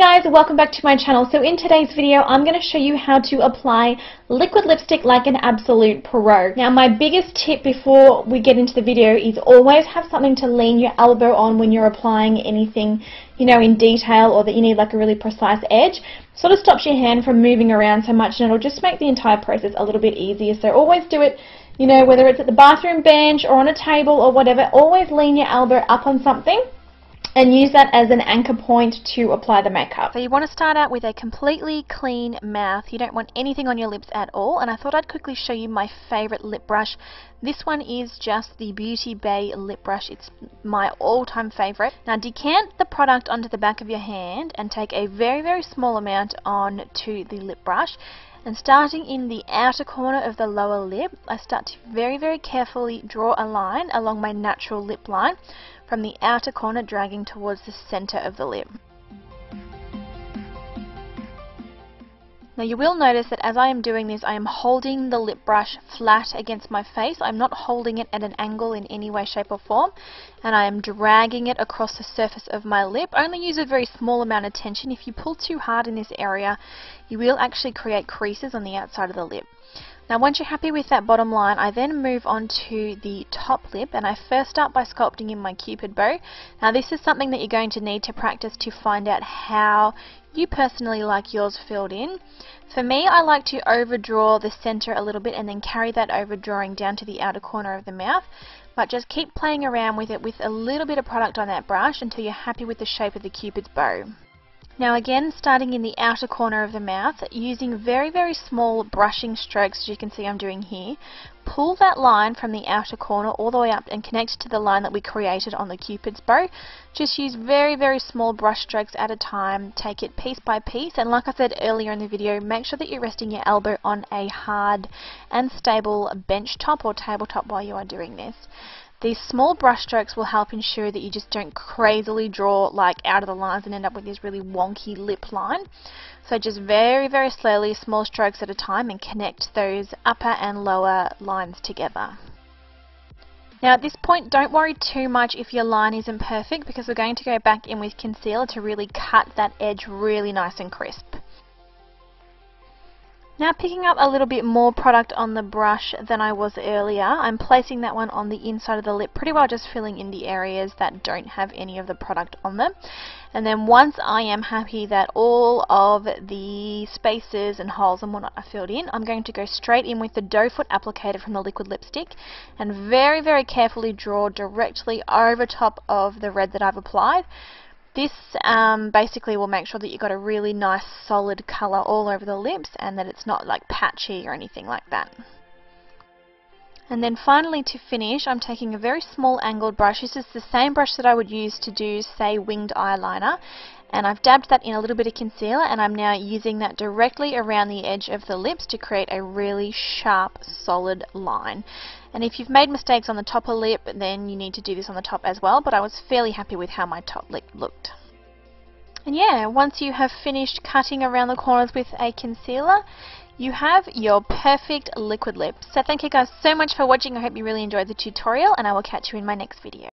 guys, welcome back to my channel. So in today's video, I'm going to show you how to apply liquid lipstick like an absolute pro. Now my biggest tip before we get into the video is always have something to lean your elbow on when you're applying anything, you know, in detail or that you need like a really precise edge. Sort of stops your hand from moving around so much and it'll just make the entire process a little bit easier. So always do it you know, whether it's at the bathroom bench or on a table or whatever, always lean your elbow up on something and use that as an anchor point to apply the makeup. So you want to start out with a completely clean mouth. You don't want anything on your lips at all. And I thought I'd quickly show you my favorite lip brush. This one is just the Beauty Bay lip brush. It's my all-time favorite. Now decant the product onto the back of your hand and take a very, very small amount on to the lip brush. And starting in the outer corner of the lower lip, I start to very, very carefully draw a line along my natural lip line from the outer corner dragging towards the center of the lip. Now you will notice that as I am doing this I am holding the lip brush flat against my face. I'm not holding it at an angle in any way, shape or form and I am dragging it across the surface of my lip. Only use a very small amount of tension. If you pull too hard in this area you will actually create creases on the outside of the lip. Now once you're happy with that bottom line, I then move on to the top lip and I first start by sculpting in my cupid bow. Now this is something that you're going to need to practice to find out how you personally like yours filled in. For me, I like to overdraw the center a little bit and then carry that overdrawing down to the outer corner of the mouth. But just keep playing around with it with a little bit of product on that brush until you're happy with the shape of the cupid's bow. Now again, starting in the outer corner of the mouth, using very, very small brushing strokes, as you can see I'm doing here, pull that line from the outer corner all the way up and connect it to the line that we created on the cupid's bow. Just use very, very small brush strokes at a time, take it piece by piece, and like I said earlier in the video, make sure that you're resting your elbow on a hard and stable bench top or tabletop while you are doing this. These small brushstrokes will help ensure that you just don't crazily draw like out of the lines and end up with this really wonky lip line. So just very, very slowly, small strokes at a time and connect those upper and lower lines together. Now at this point, don't worry too much if your line isn't perfect because we're going to go back in with concealer to really cut that edge really nice and crisp. Now picking up a little bit more product on the brush than I was earlier, I'm placing that one on the inside of the lip, pretty well just filling in the areas that don't have any of the product on them. And then once I am happy that all of the spaces and holes and whatnot are filled in, I'm going to go straight in with the doe foot applicator from the liquid lipstick and very, very carefully draw directly over top of the red that I've applied this um, basically will make sure that you've got a really nice solid colour all over the lips and that it's not like patchy or anything like that. And then finally to finish, I'm taking a very small angled brush. This is the same brush that I would use to do, say, winged eyeliner and I've dabbed that in a little bit of concealer and I'm now using that directly around the edge of the lips to create a really sharp solid line and if you've made mistakes on the top of lip then you need to do this on the top as well but I was fairly happy with how my top lip looked and yeah once you have finished cutting around the corners with a concealer you have your perfect liquid lip. So thank you guys so much for watching. I hope you really enjoyed the tutorial and I will catch you in my next video.